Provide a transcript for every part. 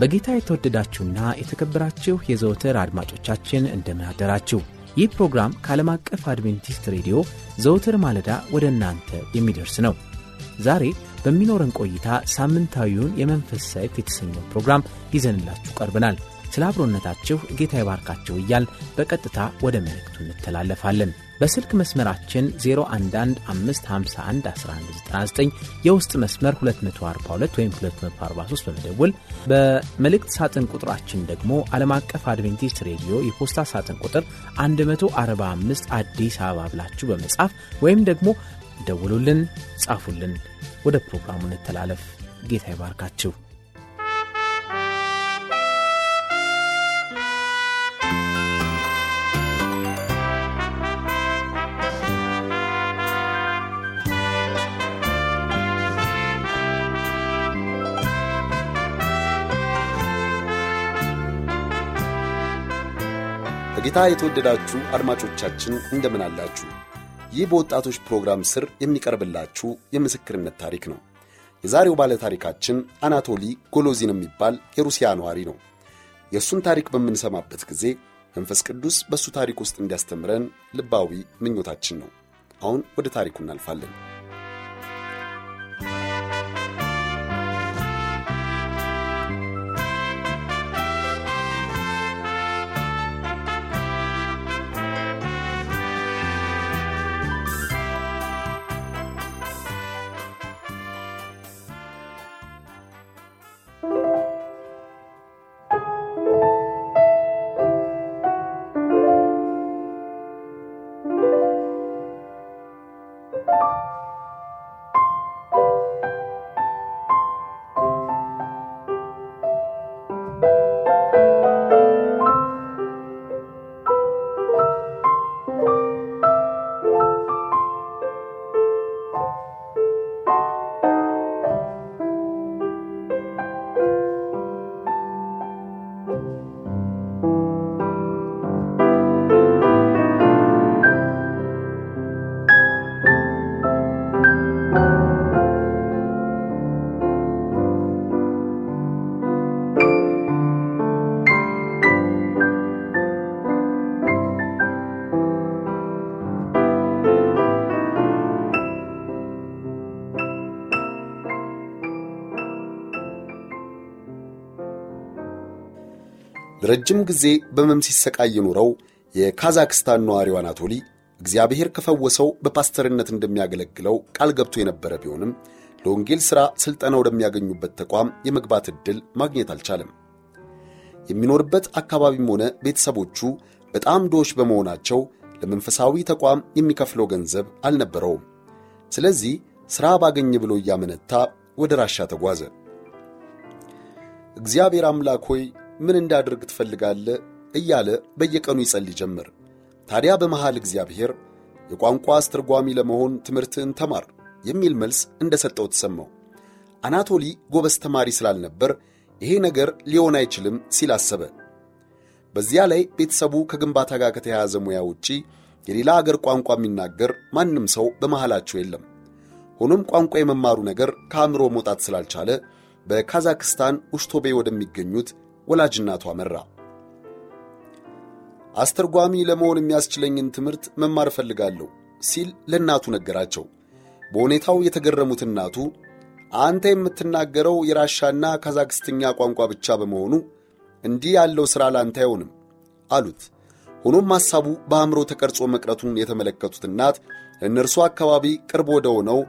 በጌታ የተወደዳችሁና የተከበራችሁ የዘወትር አድማጮቻችን እንደምናደራችሁ። ይህ ፕሮግራም ከዓለም አቀፍ አድቬንቲስት ሬዲዮ ዘወትር ማለዳ ወደ እናንተ የሚደርስ ነው። ዛሬ በሚኖረን ቆይታ ሳምንታዊውን የመንፈስ ሳይት የተሰኘው ፕሮግራም ይዘንላችሁ ቀርበናል። ስለ አብሮነታችሁ ጌታ ይባርካችሁ እያል በቀጥታ ወደ መልእክቱ እንተላለፋለን። በስልክ መስመራችን 011551199 የውስጥ መስመር 242 ወይም 243 በመደወል በመልእክት ሳጥን ቁጥራችን ደግሞ ዓለም አቀፍ አድቬንቲስት ሬዲዮ የፖስታ ሳጥን ቁጥር 145 አዲስ አበባ ብላችሁ በመጻፍ ወይም ደግሞ ደውሉልን፣ ጻፉልን። ወደ ፕሮግራሙ እንተላለፍ። ጌታ ይባርካችሁ። በጌታ የተወደዳችሁ አድማጮቻችን እንደምን አላችሁ? ይህ በወጣቶች ፕሮግራም ስር የሚቀርብላችሁ የምስክርነት ታሪክ ነው። የዛሬው ባለ ታሪካችን አናቶሊ ጎሎዚን የሚባል የሩሲያ ነዋሪ ነው። የእሱን ታሪክ በምንሰማበት ጊዜ መንፈስ ቅዱስ በእሱ ታሪክ ውስጥ እንዲያስተምረን ልባዊ ምኞታችን ነው። አሁን ወደ ታሪኩ እናልፋለን። ረጅም ጊዜ በሕመም ሲሰቃይ ኑረው የካዛክስታን ነዋሪው አናቶሊ እግዚአብሔር ከፈወሰው በፓስተርነት እንደሚያገለግለው ቃል ገብቶ የነበረ ቢሆንም ለወንጌል ሥራ ሥልጠና ወደሚያገኙበት ተቋም የመግባት ዕድል ማግኘት አልቻለም። የሚኖርበት አካባቢም ሆነ ቤተሰቦቹ በጣም ድሆች በመሆናቸው ለመንፈሳዊ ተቋም የሚከፍለው ገንዘብ አልነበረውም። ስለዚህ ሥራ ባገኝ ብሎ እያመነታ ወደ ራሻ ተጓዘ። እግዚአብሔር አምላክ ሆይ ምን እንዳድርግ ትፈልጋለህ? እያለ በየቀኑ ይጸልይ ጀመር። ታዲያ በመሃል እግዚአብሔር የቋንቋ አስተርጓሚ ለመሆን ትምህርትህን ተማር የሚል መልስ እንደሰጠው ተሰማው። አናቶሊ ጎበዝ ተማሪ ስላልነበር ይሄ ነገር ሊሆን አይችልም ሲል አሰበ። በዚያ ላይ ቤተሰቡ ከግንባታ ጋር ከተያያዘ ሙያ ውጪ የሌላ አገር ቋንቋ የሚናገር ማንም ሰው በመሃላቸው የለም። ሆኖም ቋንቋ የመማሩ ነገር ከአእምሮ መውጣት ስላልቻለ በካዛክስታን ውሽቶቤ ወደሚገኙት ወላጅ እናቷ መራ። አስተርጓሚ ለመሆን የሚያስችለኝን ትምህርት መማር እፈልጋለሁ ሲል ለእናቱ ነገራቸው። በሁኔታው የተገረሙት እናቱ አንተ የምትናገረው የራሻና ካዛክስትኛ ቋንቋ ብቻ በመሆኑ እንዲህ ያለው ሥራ ላንተ አይሆንም አሉት። ሆኖም ሐሳቡ በአእምሮ ተቀርጾ መቅረቱን የተመለከቱት እናት እነርሱ አካባቢ ቅርብ ወደ ሆነው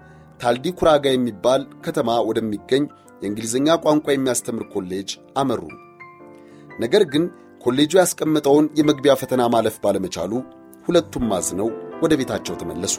ታልዲ ኩራጋ የሚባል ከተማ ወደሚገኝ የእንግሊዝኛ ቋንቋ የሚያስተምር ኮሌጅ አመሩ። ነገር ግን ኮሌጁ ያስቀመጠውን የመግቢያ ፈተና ማለፍ ባለመቻሉ ሁለቱም አዝነው ወደ ቤታቸው ተመለሱ።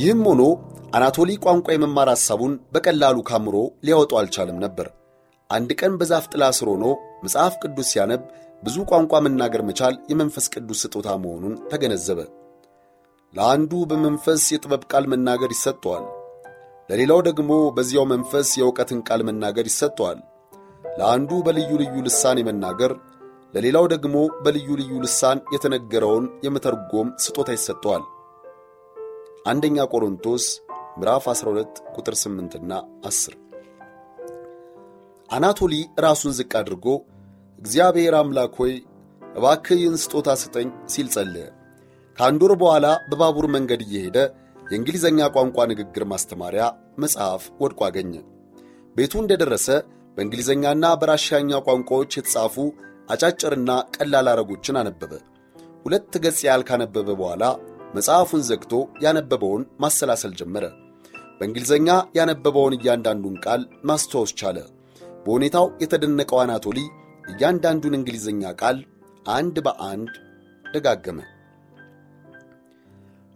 ይህም ሆኖ አናቶሊ ቋንቋ የመማር ሐሳቡን በቀላሉ ካምሮ ሊያወጡ አልቻለም ነበር። አንድ ቀን በዛፍ ጥላ ስር ሆኖ መጽሐፍ ቅዱስ ሲያነብ ብዙ ቋንቋ መናገር መቻል የመንፈስ ቅዱስ ስጦታ መሆኑን ተገነዘበ። ለአንዱ በመንፈስ የጥበብ ቃል መናገር ይሰጠዋል፣ ለሌላው ደግሞ በዚያው መንፈስ የእውቀትን ቃል መናገር ይሰጠዋል። ለአንዱ በልዩ ልዩ ልሳን የመናገር ለሌላው ደግሞ በልዩ ልዩ ልሳን የተነገረውን የመተርጎም ስጦታ ይሰጠዋል። አንደኛ ቆሮንቶስ ምዕራፍ 12 ቁጥር 8ና 10 አናቶሊ ራሱን ዝቅ አድርጎ እግዚአብሔር አምላክ ሆይ እባክህ ይህን ስጦታ ስጠኝ ሲል ጸለየ። ከአንድ ወር በኋላ በባቡር መንገድ እየሄደ የእንግሊዝኛ ቋንቋ ንግግር ማስተማሪያ መጽሐፍ ወድቆ አገኘ። ቤቱ እንደደረሰ በእንግሊዝኛና በራሽያኛ ቋንቋዎች የተጻፉ አጫጭርና ቀላል አረጎችን አነበበ። ሁለት ገጽ ያህል ካነበበ በኋላ መጽሐፉን ዘግቶ ያነበበውን ማሰላሰል ጀመረ። በእንግሊዝኛ ያነበበውን እያንዳንዱን ቃል ማስታወስ ቻለ። በሁኔታው የተደነቀው አናቶሊ እያንዳንዱን እንግሊዝኛ ቃል አንድ በአንድ ደጋገመ።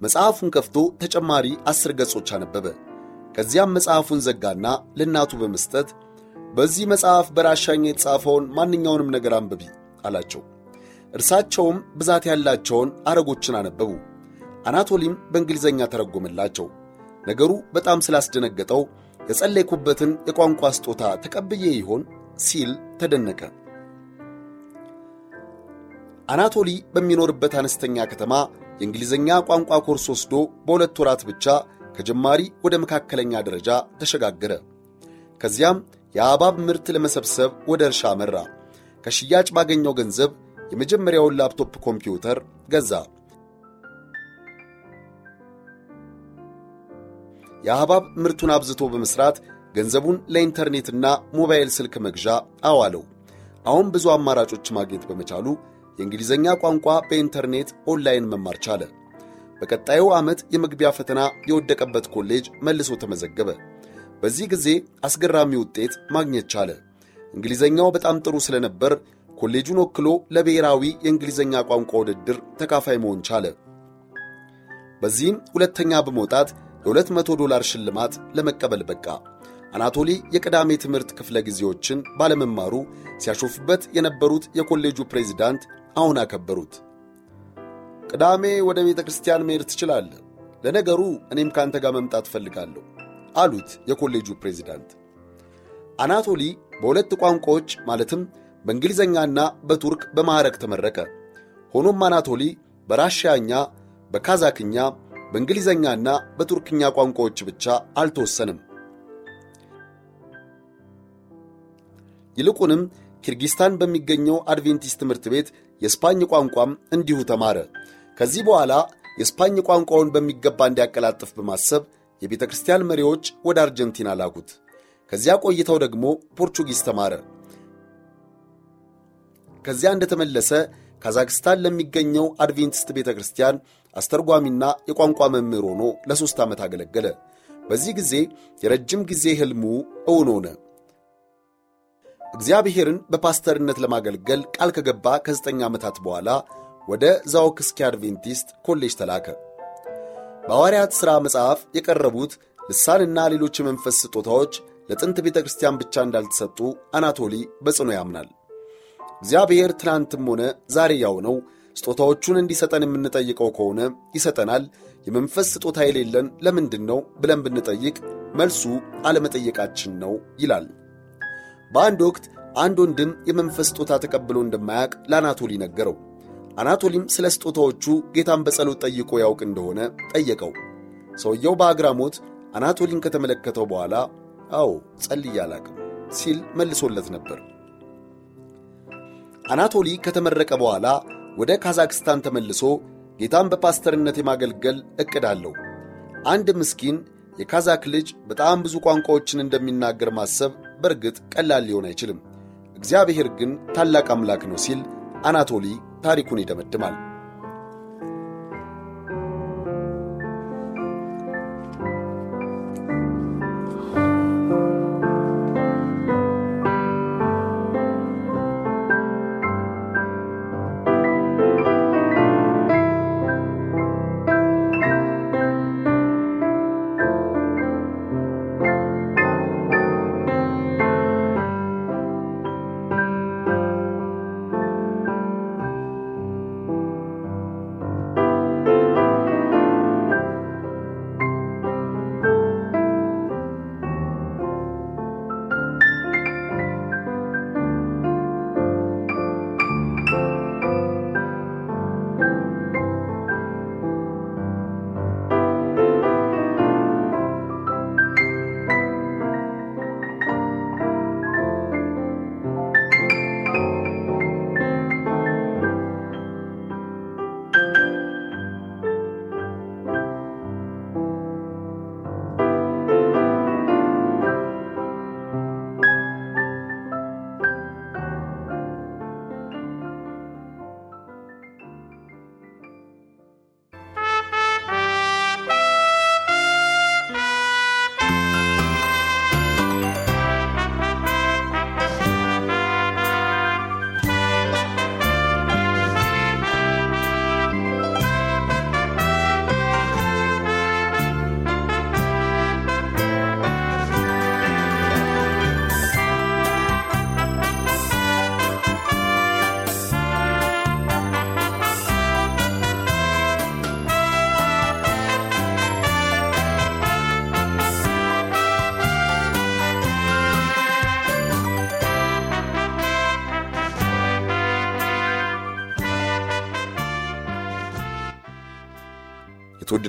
መጽሐፉን ከፍቶ ተጨማሪ አስር ገጾች አነበበ። ከዚያም መጽሐፉን ዘጋና ለእናቱ በመስጠት በዚህ መጽሐፍ በራሻኛ የተጻፈውን ማንኛውንም ነገር አንብቢ አላቸው። እርሳቸውም ብዛት ያላቸውን አረጎችን አነበቡ። አናቶሊም በእንግሊዝኛ ተረጎመላቸው። ነገሩ በጣም ስላስደነገጠው የጸለይኩበትን የቋንቋ ስጦታ ተቀብዬ ይሆን ሲል ተደነቀ። አናቶሊ በሚኖርበት አነስተኛ ከተማ የእንግሊዝኛ ቋንቋ ኮርስ ወስዶ በሁለት ወራት ብቻ ከጀማሪ ወደ መካከለኛ ደረጃ ተሸጋገረ። ከዚያም የአባብ ምርት ለመሰብሰብ ወደ እርሻ መራ። ከሽያጭ ባገኘው ገንዘብ የመጀመሪያውን ላፕቶፕ ኮምፒውተር ገዛ። የአህባብ ምርቱን አብዝቶ በመስራት ገንዘቡን ለኢንተርኔትና ሞባይል ስልክ መግዣ አዋለው። አሁን ብዙ አማራጮች ማግኘት በመቻሉ የእንግሊዝኛ ቋንቋ በኢንተርኔት ኦንላይን መማር ቻለ። በቀጣዩ ዓመት የመግቢያ ፈተና የወደቀበት ኮሌጅ መልሶ ተመዘገበ። በዚህ ጊዜ አስገራሚ ውጤት ማግኘት ቻለ። እንግሊዝኛው በጣም ጥሩ ስለነበር ኮሌጁን ወክሎ ለብሔራዊ የእንግሊዝኛ ቋንቋ ውድድር ተካፋይ መሆን ቻለ። በዚህም ሁለተኛ በመውጣት የ200 ዶላር ሽልማት ለመቀበል በቃ። አናቶሊ የቅዳሜ ትምህርት ክፍለ ጊዜዎችን ባለመማሩ ሲያሾፍበት የነበሩት የኮሌጁ ፕሬዚዳንት አሁን አከበሩት። ቅዳሜ ወደ ቤተ ክርስቲያን መሄድ ትችላለህ፣ ለነገሩ እኔም ከአንተ ጋር መምጣት እፈልጋለሁ አሉት የኮሌጁ ፕሬዚዳንት። አናቶሊ በሁለት ቋንቋዎች ማለትም በእንግሊዝኛና በቱርክ በማዕረግ ተመረቀ። ሆኖም አናቶሊ በራሽያኛ፣ በካዛክኛ በእንግሊዘኛና በቱርክኛ ቋንቋዎች ብቻ አልተወሰንም። ይልቁንም ኪርጊስታን በሚገኘው አድቬንቲስት ትምህርት ቤት የስፓኝ ቋንቋም እንዲሁ ተማረ። ከዚህ በኋላ የስፓኝ ቋንቋውን በሚገባ እንዲያቀላጥፍ በማሰብ የቤተ ክርስቲያን መሪዎች ወደ አርጀንቲና ላኩት። ከዚያ ቆይተው ደግሞ ፖርቹጊዝ ተማረ። ከዚያ እንደተመለሰ ካዛክስታን ለሚገኘው አድቬንቲስት ቤተ ክርስቲያን አስተርጓሚና የቋንቋ መምህር ሆኖ ለሦስት ዓመት አገለገለ። በዚህ ጊዜ የረጅም ጊዜ ሕልሙ እውን ሆነ። እግዚአብሔርን በፓስተርነት ለማገልገል ቃል ከገባ ከዘጠኝ ዓመታት በኋላ ወደ ዛውክስኪ አድቬንቲስት ኮሌጅ ተላከ። በሐዋርያት ሥራ መጽሐፍ የቀረቡት ልሳንና ሌሎች የመንፈስ ስጦታዎች ለጥንት ቤተ ክርስቲያን ብቻ እንዳልተሰጡ አናቶሊ በጽኑ ያምናል። እግዚአብሔር ትናንትም ሆነ ዛሬ ያው ነው። ስጦታዎቹን እንዲሰጠን የምንጠይቀው ከሆነ ይሰጠናል። የመንፈስ ስጦታ የሌለን ለምንድን ነው ብለን ብንጠይቅ መልሱ አለመጠየቃችን ነው ይላል። በአንድ ወቅት አንድ ወንድም የመንፈስ ስጦታ ተቀብሎ እንደማያውቅ ለአናቶሊ ነገረው። አናቶሊም ስለ ስጦታዎቹ ጌታን በጸሎት ጠይቆ ያውቅ እንደሆነ ጠየቀው። ሰውየው በአግራሞት አናቶሊን ከተመለከተው በኋላ አዎ ጸልዬ ሲል መልሶለት ነበር። አናቶሊ ከተመረቀ በኋላ ወደ ካዛክስታን ተመልሶ ጌታን በፓስተርነት የማገልገል ዕቅድ አለው። አንድ ምስኪን የካዛክ ልጅ በጣም ብዙ ቋንቋዎችን እንደሚናገር ማሰብ በእርግጥ ቀላል ሊሆን አይችልም። እግዚአብሔር ግን ታላቅ አምላክ ነው ሲል አናቶሊ ታሪኩን ይደመድማል።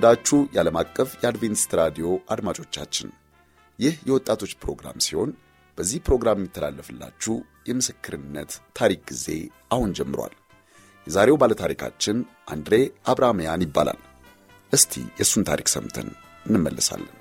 የተወደዳችሁ የዓለም አቀፍ የአድቬንቲስት ራዲዮ አድማጮቻችን ይህ የወጣቶች ፕሮግራም ሲሆን በዚህ ፕሮግራም የሚተላለፍላችሁ የምስክርነት ታሪክ ጊዜ አሁን ጀምሯል። የዛሬው ባለታሪካችን አንድሬ አብርሃምያን ይባላል። እስቲ የእሱን ታሪክ ሰምተን እንመለሳለን።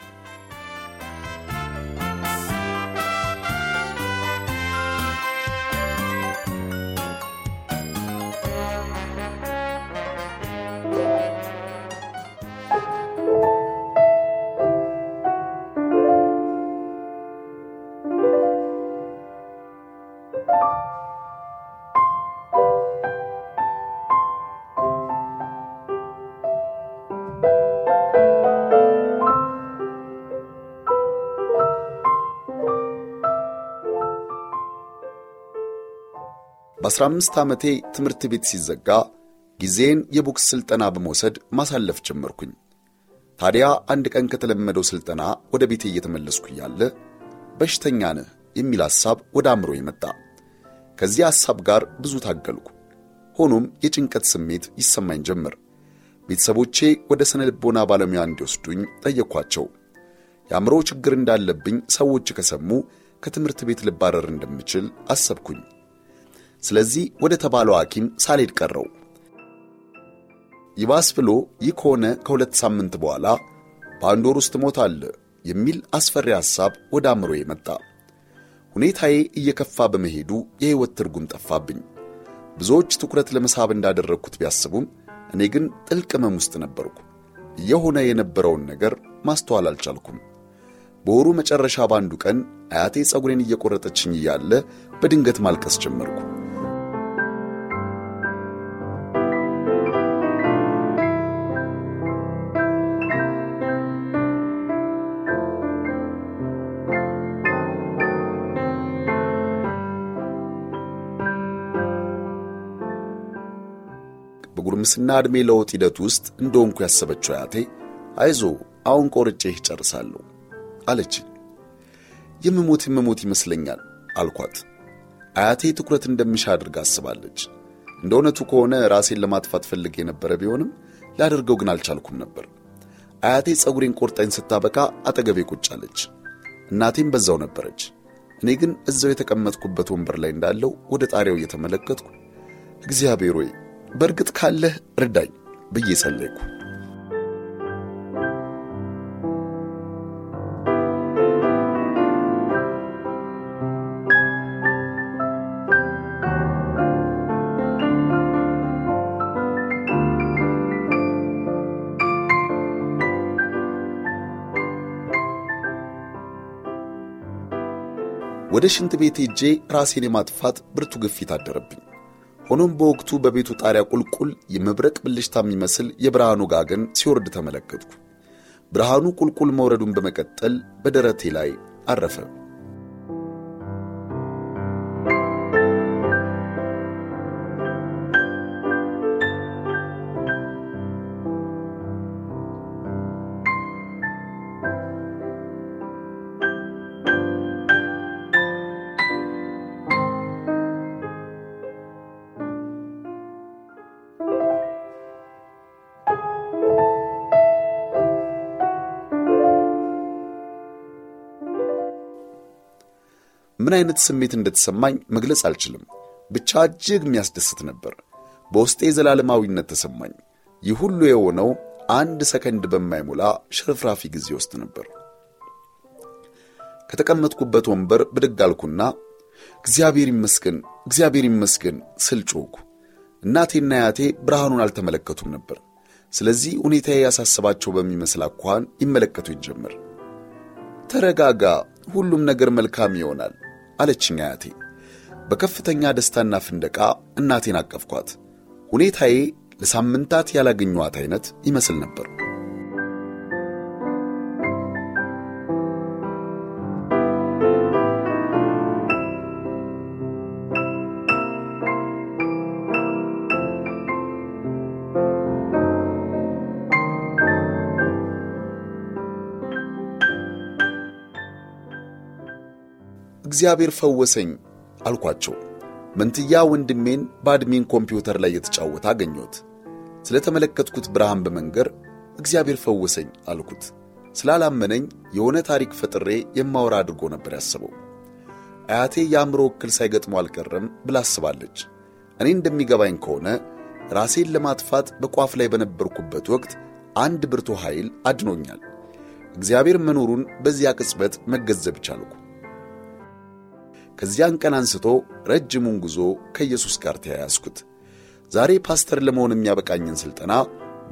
በ ዓመቴ ትምህርት ቤት ሲዘጋ ጊዜን የቦክስ ሥልጠና በመውሰድ ማሳለፍ ጀመርኩኝ። ታዲያ አንድ ቀን ከተለመደው ሥልጠና ወደ ቤቴ እየተመለስኩ እያለ በሽተኛ ነህ የሚል ሐሳብ ወደ አእምሮ የመጣ ከዚህ ሐሳብ ጋር ብዙ ታገልኩ። ሆኖም የጭንቀት ስሜት ይሰማኝ ጀመር። ቤተሰቦቼ ወደ ስነ ልቦና ባለሙያ እንዲወስዱኝ ጠየኳቸው። የአእምሮ ችግር እንዳለብኝ ሰዎች ከሰሙ ከትምህርት ቤት ልባረር እንደምችል አሰብኩኝ። ስለዚህ ወደ ተባለው ሐኪም ሳልሄድ ቀረው። ይባስ ብሎ ይህ ከሆነ ከሁለት ሳምንት በኋላ በአንድ ወር ውስጥ አለ የሚል አስፈሪ ሐሳብ ወደ አእምሮ የመጣ ሁኔታዬ እየከፋ በመሄዱ የሕይወት ትርጉም ጠፋብኝ። ብዙዎች ትኩረት ለመሳብ እንዳደረግኩት ቢያስቡም እኔ ግን ጥልቅ ሕመም ውስጥ ነበርኩ። እየሆነ የነበረውን ነገር ማስተዋል አልቻልኩም። በወሩ መጨረሻ በአንዱ ቀን አያቴ ፀጉሬን እየቆረጠችኝ እያለ በድንገት ማልቀስ ጀመርኩ። በጉርምስና ዕድሜ ለውጥ ሂደት ውስጥ እንደሆንኩ ያሰበችው አያቴ አይዞ አሁን ቆርጬ ይጨርሳለሁ አለችኝ። የምሞት የምሞት ይመስለኛል አልኳት። አያቴ ትኩረት እንደምሻ አድርጋ አስባለች። እንደ እውነቱ ከሆነ ራሴን ለማጥፋት ፈልግ የነበረ ቢሆንም ላደርገው ግን አልቻልኩም ነበር። አያቴ ጸጉሬን ቆርጣኝ ስታበቃ አጠገቤ ቁጭ አለች። እናቴም በዛው ነበረች። እኔ ግን እዛው የተቀመጥኩበት ወንበር ላይ እንዳለው ወደ ጣሪያው እየተመለከትኩ እግዚአብሔር ወይ በእርግጥ ካለህ እርዳኝ ብዬ ጸለይኩ። ወደ ሽንት ቤት ሄጄ ራሴን የማጥፋት ብርቱ ግፊት አደረብኝ። ሆኖም በወቅቱ በቤቱ ጣሪያ ቁልቁል የመብረቅ ብልሽታ የሚመስል የብርሃኑ ጋግን ሲወርድ ተመለከትኩ። ብርሃኑ ቁልቁል መውረዱን በመቀጠል በደረቴ ላይ አረፈ። ምን አይነት ስሜት እንደተሰማኝ መግለጽ አልችልም። ብቻ እጅግ የሚያስደስት ነበር። በውስጤ የዘላለማዊነት ተሰማኝ። ይህ ሁሉ የሆነው አንድ ሰከንድ በማይሞላ ሽርፍራፊ ጊዜ ውስጥ ነበር። ከተቀመጥኩበት ወንበር ብድግ አልኩና እግዚአብሔር ይመስገን እግዚአብሔር ይመስገን ስል ጮኩ። እናቴና አያቴ ብርሃኑን አልተመለከቱም ነበር። ስለዚህ ሁኔታ ያሳሰባቸው በሚመስል አኳኋን ይመለከቱኝ ጀመር። ተረጋጋ፣ ሁሉም ነገር መልካም ይሆናል አለችኝ አያቴ። በከፍተኛ ደስታና ፍንደቃ እናቴን አቀፍኳት። ሁኔታዬ ለሳምንታት ያላገኟት አይነት ይመስል ነበር። እግዚአብሔር ፈወሰኝ አልኳቸው። መንትያ ወንድሜን በአድሜን ኮምፒውተር ላይ የተጫወተ አገኘሁት። ስለተመለከትኩት ብርሃን በመንገር እግዚአብሔር ፈወሰኝ አልኩት። ስላላመነኝ የሆነ ታሪክ ፈጥሬ የማወራ አድርጎ ነበር ያስበው። አያቴ የአእምሮ እክል ሳይገጥሞ አልቀረም ብላ አስባለች። እኔ እንደሚገባኝ ከሆነ ራሴን ለማጥፋት በቋፍ ላይ በነበርኩበት ወቅት አንድ ብርቱ ኃይል አድኖኛል። እግዚአብሔር መኖሩን በዚያ ቅጽበት መገንዘብ ቻልኩ። ከዚያን ቀን አንስቶ ረጅሙን ጉዞ ከኢየሱስ ጋር ተያያዝኩት። ዛሬ ፓስተር ለመሆን የሚያበቃኝን ሥልጠና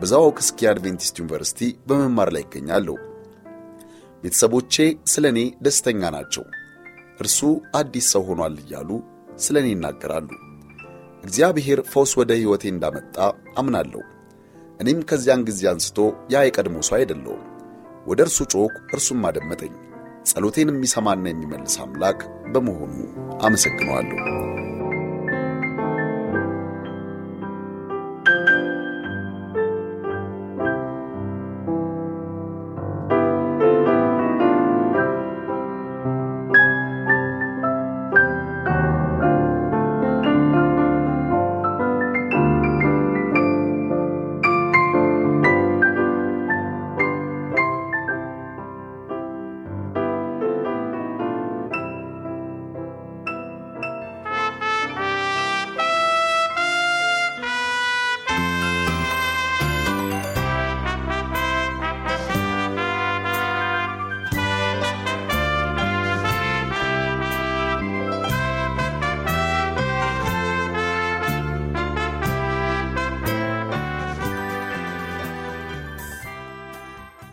በዛዋው ክስኪ አድቬንቲስት ዩኒቨርሲቲ በመማር ላይ ይገኛለሁ። ቤተሰቦቼ ስለ እኔ ደስተኛ ናቸው። እርሱ አዲስ ሰው ሆኗል እያሉ ስለ እኔ ይናገራሉ። እግዚአብሔር ፈውስ ወደ ሕይወቴ እንዳመጣ አምናለሁ። እኔም ከዚያን ጊዜ አንስቶ ያ የቀድሞ ሰው አይደለሁም። ወደ እርሱ ጮክ፣ እርሱም አደመጠኝ። ጸሎቴን የሚሰማና የሚመልስ አምላክ በመሆኑ አመሰግነዋለሁ።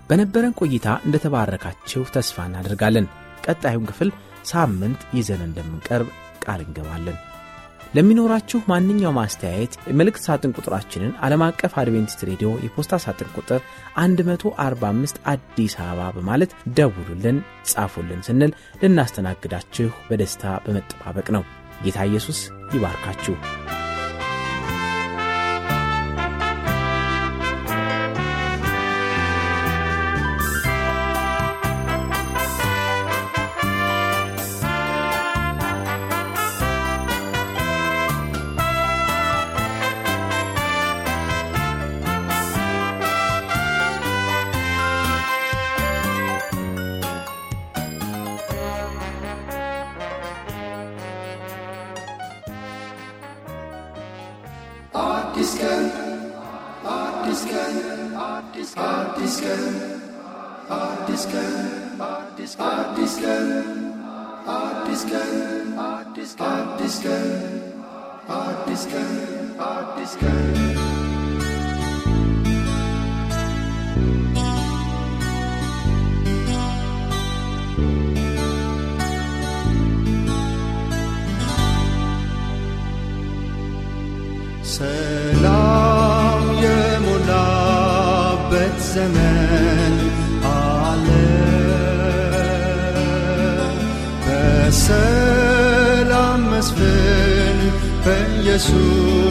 በነበረን ቆይታ እንደተባረካችሁ ተስፋ እናደርጋለን። ቀጣዩን ክፍል ሳምንት ይዘን እንደምንቀርብ ቃል እንገባለን። ለሚኖራችሁ ማንኛውም አስተያየት የመልእክት ሳጥን ቁጥራችንን ዓለም አቀፍ አድቬንቲስት ሬዲዮ የፖስታ ሳጥን ቁጥር 145 አዲስ አበባ በማለት ደውሉልን፣ ጻፉልን ስንል ልናስተናግዳችሁ በደስታ በመጠባበቅ ነው። ጌታ ኢየሱስ ይባርካችሁ። Artiscan, Artiscan, Artiscan, Artiscan, Artiscan, Artiscan, Artiscan, Artiscan, Artiscan, Artiscan. Jesús.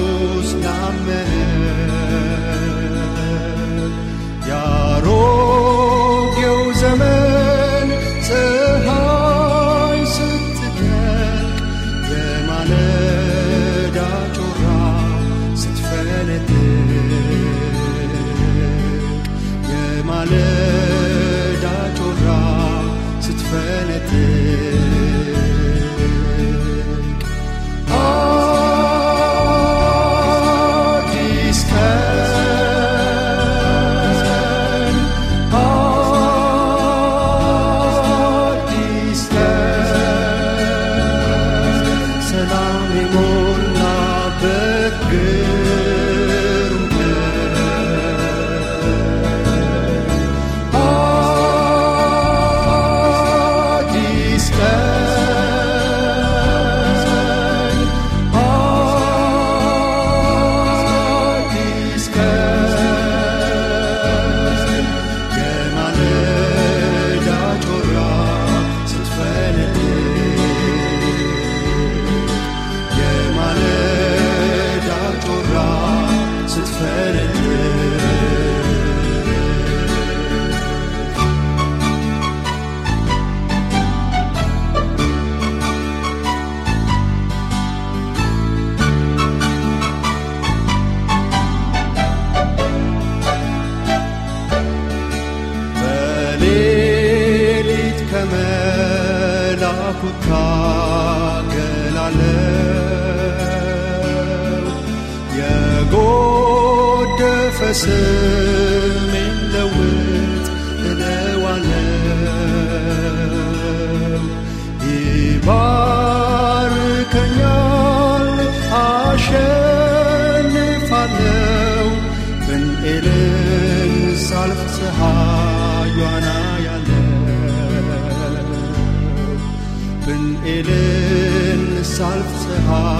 heart.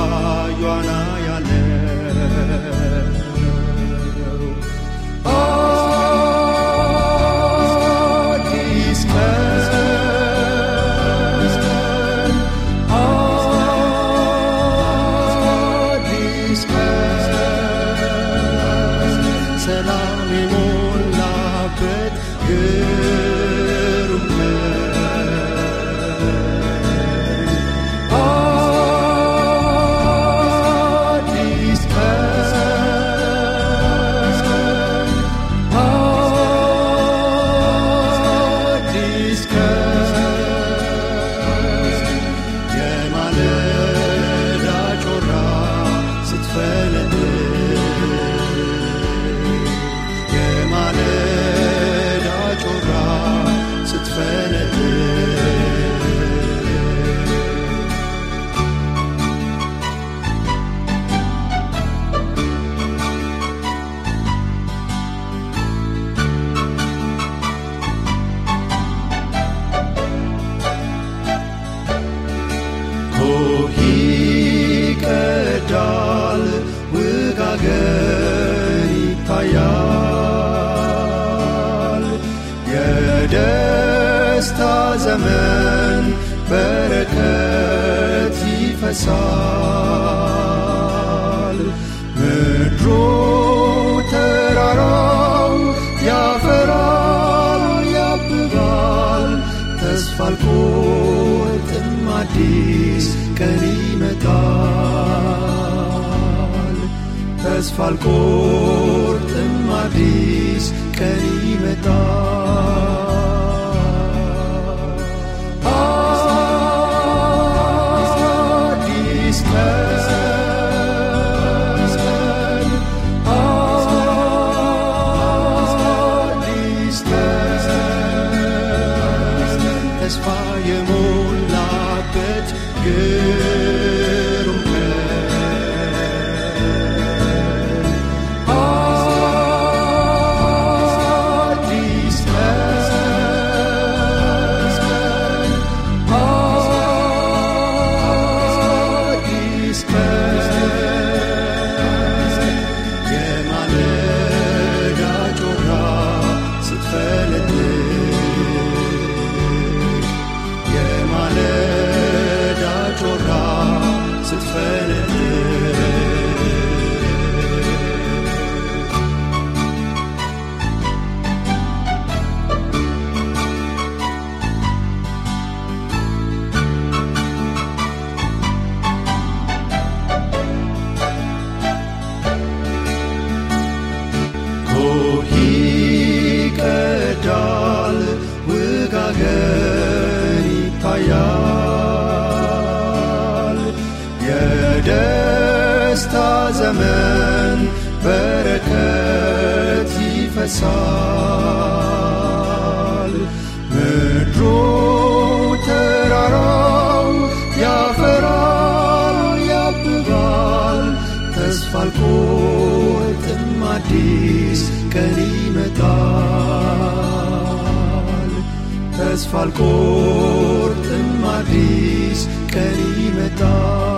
ይመለሳል። ምድሩ ተራራው ያፈራል፣ ያብባል። ተስፋ አልቆ ጥም አዲስ ቀን ይመጣል። ተስፋ አልቆ ጥም አዲስ ቀን ይመጣል። በደስታ ዘመን በረከት ይፈሳል። ምድሩ ተራራው ያፈራል ያብባል። ተስፋ አልቆትም አዲስ ቀን ይመጣል። ተስፋ አልቆርጥም አዲስ ቀን ይመጣል።